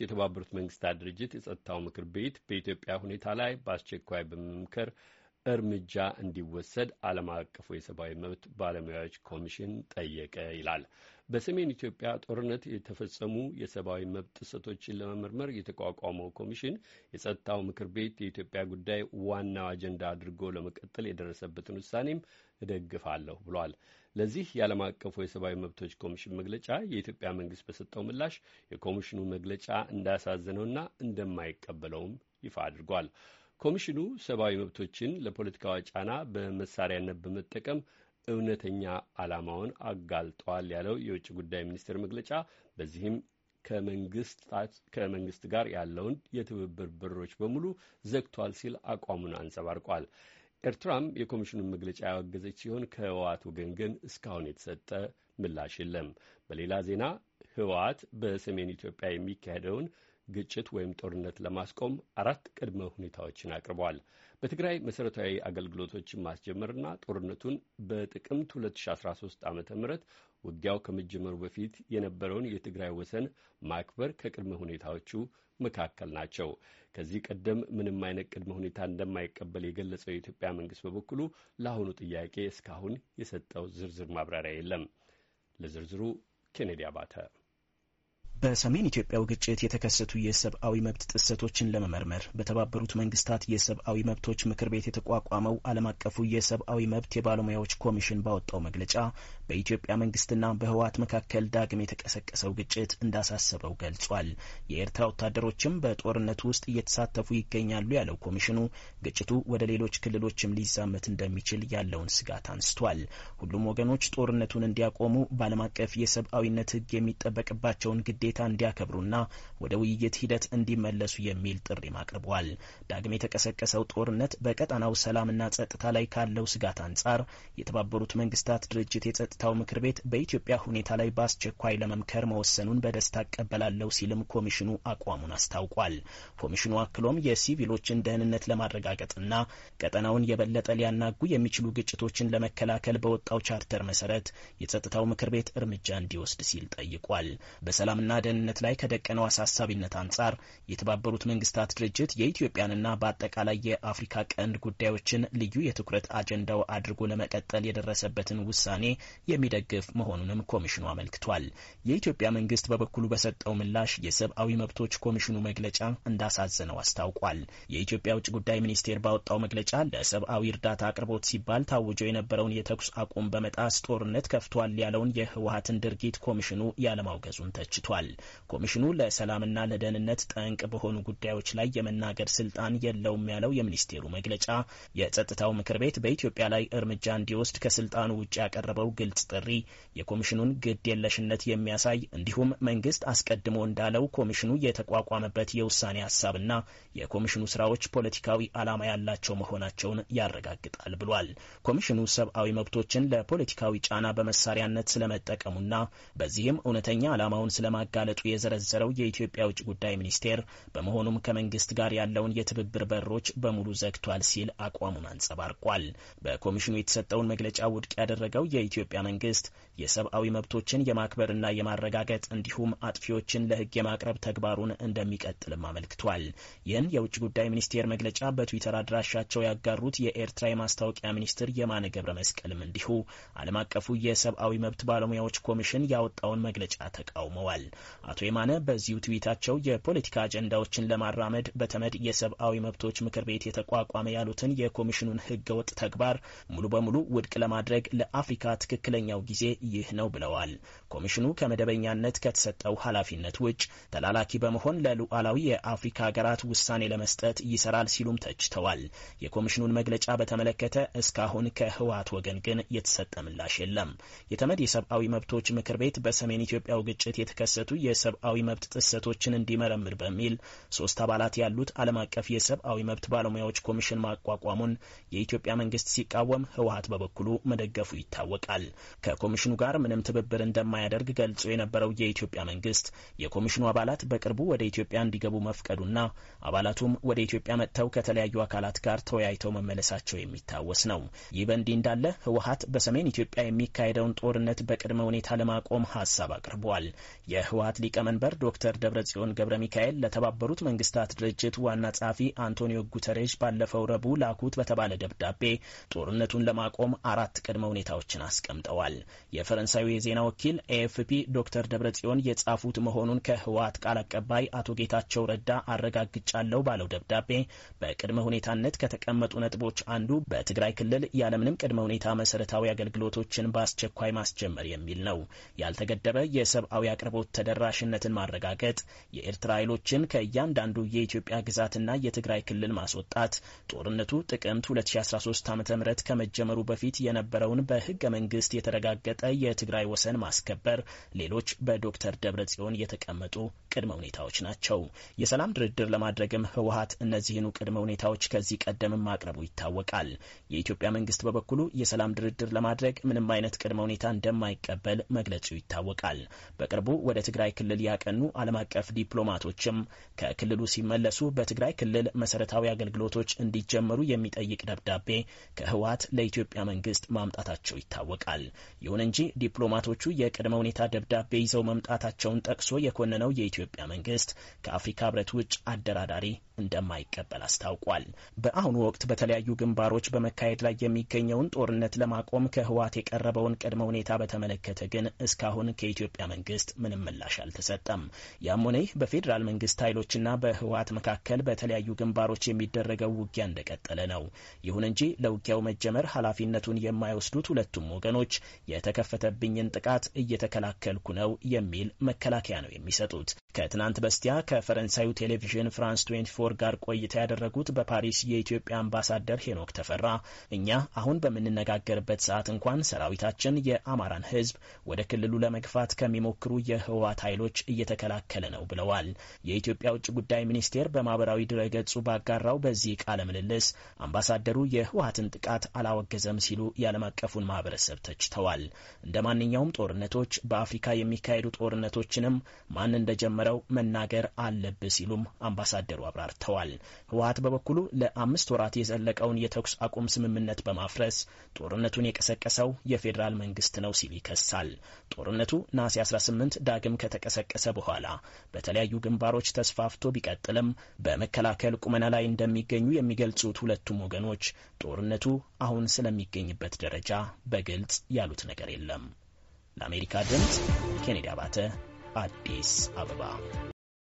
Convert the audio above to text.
የተባበሩት መንግስታት ድርጅት የጸጥታው ምክር ቤት በኢትዮጵያ ሁኔታ ላይ በአስቸኳይ በመምከር እርምጃ እንዲወሰድ ዓለም አቀፉ የሰብአዊ መብት ባለሙያዎች ኮሚሽን ጠየቀ ይላል። በሰሜን ኢትዮጵያ ጦርነት የተፈጸሙ የሰብአዊ መብት ጥሰቶችን ለመመርመር የተቋቋመው ኮሚሽን የጸጥታው ምክር ቤት የኢትዮጵያ ጉዳይ ዋናው አጀንዳ አድርጎ ለመቀጠል የደረሰበትን ውሳኔም እደግፋለሁ ብሏል። ለዚህ የዓለም አቀፉ የሰብአዊ መብቶች ኮሚሽን መግለጫ የኢትዮጵያ መንግስት በሰጠው ምላሽ የኮሚሽኑ መግለጫ እንዳሳዘነውና እንደማይቀበለውም ይፋ አድርጓል። ኮሚሽኑ ሰብአዊ መብቶችን ለፖለቲካዊ ጫና በመሳሪያነት በመጠቀም እውነተኛ ዓላማውን አጋልጧል ያለው የውጭ ጉዳይ ሚኒስቴር መግለጫ በዚህም ከመንግስት ጋር ያለውን የትብብር በሮች በሙሉ ዘግቷል ሲል አቋሙን አንጸባርቋል። ኤርትራም የኮሚሽኑን መግለጫ ያወገዘች ሲሆን ከህወሓት ወገን ግን እስካሁን የተሰጠ ምላሽ የለም። በሌላ ዜና ህወሓት በሰሜን ኢትዮጵያ የሚካሄደውን ግጭት ወይም ጦርነት ለማስቆም አራት ቅድመ ሁኔታዎችን አቅርበዋል። በትግራይ መሠረታዊ አገልግሎቶችን ማስጀመርና ጦርነቱን በጥቅምት 2013 ዓ ም ውጊያው ከመጀመሩ በፊት የነበረውን የትግራይ ወሰን ማክበር ከቅድመ ሁኔታዎቹ መካከል ናቸው። ከዚህ ቀደም ምንም አይነት ቅድመ ሁኔታ እንደማይቀበል የገለጸው የኢትዮጵያ መንግስት በበኩሉ ለአሁኑ ጥያቄ እስካሁን የሰጠው ዝርዝር ማብራሪያ የለም። ለዝርዝሩ ኬኔዲ አባተ በሰሜን ኢትዮጵያው ግጭት የተከሰቱ የሰብአዊ መብት ጥሰቶችን ለመመርመር በተባበሩት መንግስታት የሰብአዊ መብቶች ምክር ቤት የተቋቋመው ዓለም አቀፉ የሰብአዊ መብት የባለሙያዎች ኮሚሽን ባወጣው መግለጫ በኢትዮጵያ መንግስትና በህወሓት መካከል ዳግም የተቀሰቀሰው ግጭት እንዳሳሰበው ገልጿል። የኤርትራ ወታደሮችም በጦርነቱ ውስጥ እየተሳተፉ ይገኛሉ ያለው ኮሚሽኑ ግጭቱ ወደ ሌሎች ክልሎችም ሊዛመት እንደሚችል ያለውን ስጋት አንስቷል። ሁሉም ወገኖች ጦርነቱን እንዲያቆሙ በዓለም አቀፍ የሰብአዊነት ህግ የሚጠበቅባቸውን ግዴ ግዴታ እንዲያከብሩና ወደ ውይይት ሂደት እንዲመለሱ የሚል ጥሪ አቅርቧል። ዳግም የተቀሰቀሰው ጦርነት በቀጠናው ሰላምና ጸጥታ ላይ ካለው ስጋት አንጻር የተባበሩት መንግስታት ድርጅት የጸጥታው ምክር ቤት በኢትዮጵያ ሁኔታ ላይ በአስቸኳይ ለመምከር መወሰኑን በደስታ እቀበላለሁ ሲልም ኮሚሽኑ አቋሙን አስታውቋል። ኮሚሽኑ አክሎም የሲቪሎችን ደህንነት ለማረጋገጥና ቀጠናውን የበለጠ ሊያናጉ የሚችሉ ግጭቶችን ለመከላከል በወጣው ቻርተር መሰረት የጸጥታው ምክር ቤት እርምጃ እንዲወስድ ሲል ጠይቋል። በሰላምና ደህንነት ላይ ከደቀነው አሳሳቢነት አንጻር የተባበሩት መንግስታት ድርጅት የኢትዮጵያንና በአጠቃላይ የአፍሪካ ቀንድ ጉዳዮችን ልዩ የትኩረት አጀንዳው አድርጎ ለመቀጠል የደረሰበትን ውሳኔ የሚደግፍ መሆኑንም ኮሚሽኑ አመልክቷል። የኢትዮጵያ መንግስት በበኩሉ በሰጠው ምላሽ የሰብአዊ መብቶች ኮሚሽኑ መግለጫ እንዳሳዘነው አስታውቋል። የኢትዮጵያ ውጭ ጉዳይ ሚኒስቴር ባወጣው መግለጫ ለሰብአዊ እርዳታ አቅርቦት ሲባል ታውጆ የነበረውን የተኩስ አቁም በመጣስ ጦርነት ከፍቷል ያለውን የህወሀትን ድርጊት ኮሚሽኑ ያለማውገዙን ተችቷል። ገልጸዋል። ኮሚሽኑ ለሰላምና ለደህንነት ጠንቅ በሆኑ ጉዳዮች ላይ የመናገር ስልጣን የለውም ያለው የሚኒስቴሩ መግለጫ የጸጥታው ምክር ቤት በኢትዮጵያ ላይ እርምጃ እንዲወስድ ከስልጣኑ ውጭ ያቀረበው ግልጽ ጥሪ የኮሚሽኑን ግድ የለሽነት የሚያሳይ እንዲሁም መንግስት አስቀድሞ እንዳለው ኮሚሽኑ የተቋቋመበት የውሳኔ ሀሳብና የኮሚሽኑ ስራዎች ፖለቲካዊ ዓላማ ያላቸው መሆናቸውን ያረጋግጣል ብሏል። ኮሚሽኑ ሰብአዊ መብቶችን ለፖለቲካዊ ጫና በመሳሪያነት ስለመጠቀሙና በዚህም እውነተኛ ዓላማውን ስለማጋ መጋለጡ የዘረዘረው የኢትዮጵያ ውጭ ጉዳይ ሚኒስቴር በመሆኑም ከመንግስት ጋር ያለውን የትብብር በሮች በሙሉ ዘግቷል ሲል አቋሙን አንጸባርቋል። በኮሚሽኑ የተሰጠውን መግለጫ ውድቅ ያደረገው የኢትዮጵያ መንግስት የሰብአዊ መብቶችን የማክበርና የማረጋገጥ እንዲሁም አጥፊዎችን ለህግ የማቅረብ ተግባሩን እንደሚቀጥልም አመልክቷል። ይህን የውጭ ጉዳይ ሚኒስቴር መግለጫ በትዊተር አድራሻቸው ያጋሩት የኤርትራ የማስታወቂያ ሚኒስትር የማነ ገብረ መስቀልም እንዲሁ ዓለም አቀፉ የሰብአዊ መብት ባለሙያዎች ኮሚሽን ያወጣውን መግለጫ ተቃውመዋል። አቶ የማነ በዚሁ ትዊታቸው የፖለቲካ አጀንዳዎችን ለማራመድ በተመድ የሰብአዊ መብቶች ምክር ቤት የተቋቋመ ያሉትን የኮሚሽኑን ህገወጥ ተግባር ሙሉ በሙሉ ውድቅ ለማድረግ ለአፍሪካ ትክክለኛው ጊዜ ይህ ነው ብለዋል። ኮሚሽኑ ከመደበኛነት ከተሰጠው ኃላፊነት ውጭ ተላላኪ በመሆን ለሉዓላዊ የአፍሪካ ሀገራት ውሳኔ ለመስጠት ይሰራል ሲሉም ተችተዋል። የኮሚሽኑን መግለጫ በተመለከተ እስካሁን ከህወሓት ወገን ግን የተሰጠ ምላሽ የለም። የተመድ የሰብአዊ መብቶች ምክር ቤት በሰሜን ኢትዮጵያው ግጭት የተከሰቱ የሰብአዊ መብት ጥሰቶችን እንዲመረምር በሚል ሶስት አባላት ያሉት ዓለም አቀፍ የሰብአዊ መብት ባለሙያዎች ኮሚሽን ማቋቋሙን የኢትዮጵያ መንግስት ሲቃወም ህወሀት በበኩሉ መደገፉ ይታወቃል። ከኮሚሽኑ ጋር ምንም ትብብር እንደማያደርግ ገልጾ የነበረው የኢትዮጵያ መንግስት የኮሚሽኑ አባላት በቅርቡ ወደ ኢትዮጵያ እንዲገቡ መፍቀዱና አባላቱም ወደ ኢትዮጵያ መጥተው ከተለያዩ አካላት ጋር ተወያይተው መመለሳቸው የሚታወስ ነው። ይህ በእንዲህ እንዳለ ህወሀት በሰሜን ኢትዮጵያ የሚካሄደውን ጦርነት በቅድመ ሁኔታ ለማቆም ሀሳብ አቅርበዋል። ህወሀት ሊቀመንበር ዶክተር ደብረጽዮን ገብረ ሚካኤል ለተባበሩት መንግስታት ድርጅት ዋና ጸሐፊ አንቶኒዮ ጉተሬሽ ባለፈው ረቡዕ ላኩት በተባለ ደብዳቤ ጦርነቱን ለማቆም አራት ቅድመ ሁኔታዎችን አስቀምጠዋል። የፈረንሳዩ የዜና ወኪል ኤኤፍፒ ዶክተር ደብረጽዮን የጻፉት መሆኑን ከህወሀት ቃል አቀባይ አቶ ጌታቸው ረዳ አረጋግጫለሁ ባለው ደብዳቤ በቅድመ ሁኔታነት ከተቀመጡ ነጥቦች አንዱ በትግራይ ክልል ያለምንም ቅድመ ሁኔታ መሰረታዊ አገልግሎቶችን በአስቸኳይ ማስጀመር የሚል ነው። ያልተገደበ የሰብአዊ አቅርቦት ተደ ተደራሽነትን ማረጋገጥ፣ የኤርትራ ኃይሎችን ከእያንዳንዱ የኢትዮጵያ ግዛትና የትግራይ ክልል ማስወጣት፣ ጦርነቱ ጥቅምት 2013 ዓ ም ከመጀመሩ በፊት የነበረውን በህገ መንግስት የተረጋገጠ የትግራይ ወሰን ማስከበር፣ ሌሎች በዶክተር ደብረ ጽዮን የተቀመጡ ቅድመ ሁኔታዎች ናቸው። የሰላም ድርድር ለማድረግም ህወሀት እነዚህኑ ቅድመ ሁኔታዎች ከዚህ ቀደምም ማቅረቡ ይታወቃል። የኢትዮጵያ መንግስት በበኩሉ የሰላም ድርድር ለማድረግ ምንም አይነት ቅድመ ሁኔታ እንደማይቀበል መግለጹ ይታወቃል። በቅርቡ ወደ ትግራይ ክልል ያቀኑ ዓለም አቀፍ ዲፕሎማቶችም ከክልሉ ሲመለሱ በትግራይ ክልል መሰረታዊ አገልግሎቶች እንዲጀመሩ የሚጠይቅ ደብዳቤ ከህወሀት ለኢትዮጵያ መንግስት ማምጣታቸው ይታወቃል። ይሁን እንጂ ዲፕሎማቶቹ የቅድመ ሁኔታ ደብዳቤ ይዘው መምጣታቸውን ጠቅሶ የኮነነው የኢትዮጵያ መንግስት ከአፍሪካ ህብረት ውጭ አደራዳሪ እንደማይቀበል አስታውቋል። በአሁኑ ወቅት በተለያዩ ግንባሮች በመካሄድ ላይ የሚገኘውን ጦርነት ለማቆም ከህዋት የቀረበውን ቅድመ ሁኔታ በተመለከተ ግን እስካሁን ከኢትዮጵያ መንግስት ምንም ምላሽ ምላሽ አልተሰጠም። ያም ሆነ ይህ በፌዴራል መንግስት ኃይሎችና በህወሀት መካከል በተለያዩ ግንባሮች የሚደረገው ውጊያ እንደቀጠለ ነው። ይሁን እንጂ ለውጊያው መጀመር ኃላፊነቱን የማይወስዱት ሁለቱም ወገኖች የተከፈተብኝን ጥቃት እየተከላከልኩ ነው የሚል መከላከያ ነው የሚሰጡት። ከትናንት በስቲያ ከፈረንሳዩ ቴሌቪዥን ፍራንስ 24 ጋር ቆይታ ያደረጉት በፓሪስ የኢትዮጵያ አምባሳደር ሄኖክ ተፈራ እኛ አሁን በምንነጋገርበት ሰዓት እንኳን ሰራዊታችን የአማራን ህዝብ ወደ ክልሉ ለመግፋት ከሚሞክሩ የህወሀት የህወሓት ኃይሎች እየተከላከለ ነው ብለዋል። የኢትዮጵያ ውጭ ጉዳይ ሚኒስቴር በማህበራዊ ድረገጹ ባጋራው በዚህ ቃለ ምልልስ አምባሳደሩ የህወሀትን ጥቃት አላወገዘም ሲሉ የዓለም አቀፉን ማህበረሰብ ተችተዋል። እንደ ማንኛውም ጦርነቶች በአፍሪካ የሚካሄዱ ጦርነቶችንም ማን እንደጀመረው መናገር አለብ ሲሉም አምባሳደሩ አብራርተዋል። ህወሀት በበኩሉ ለአምስት ወራት የዘለቀውን የተኩስ አቁም ስምምነት በማፍረስ ጦርነቱን የቀሰቀሰው የፌዴራል መንግስት ነው ሲል ይከሳል። ጦርነቱ ነሐሴ 18 ዳግም ከተቀሰቀሰ በኋላ በተለያዩ ግንባሮች ተስፋፍቶ ቢቀጥልም በመከላከል ቁመና ላይ እንደሚገኙ የሚገልጹት ሁለቱም ወገኖች ጦርነቱ አሁን ስለሚገኝበት ደረጃ በግልጽ ያሉት ነገር የለም። ለአሜሪካ ድምፅ ኬኔዲ አባተ አዲስ አበባ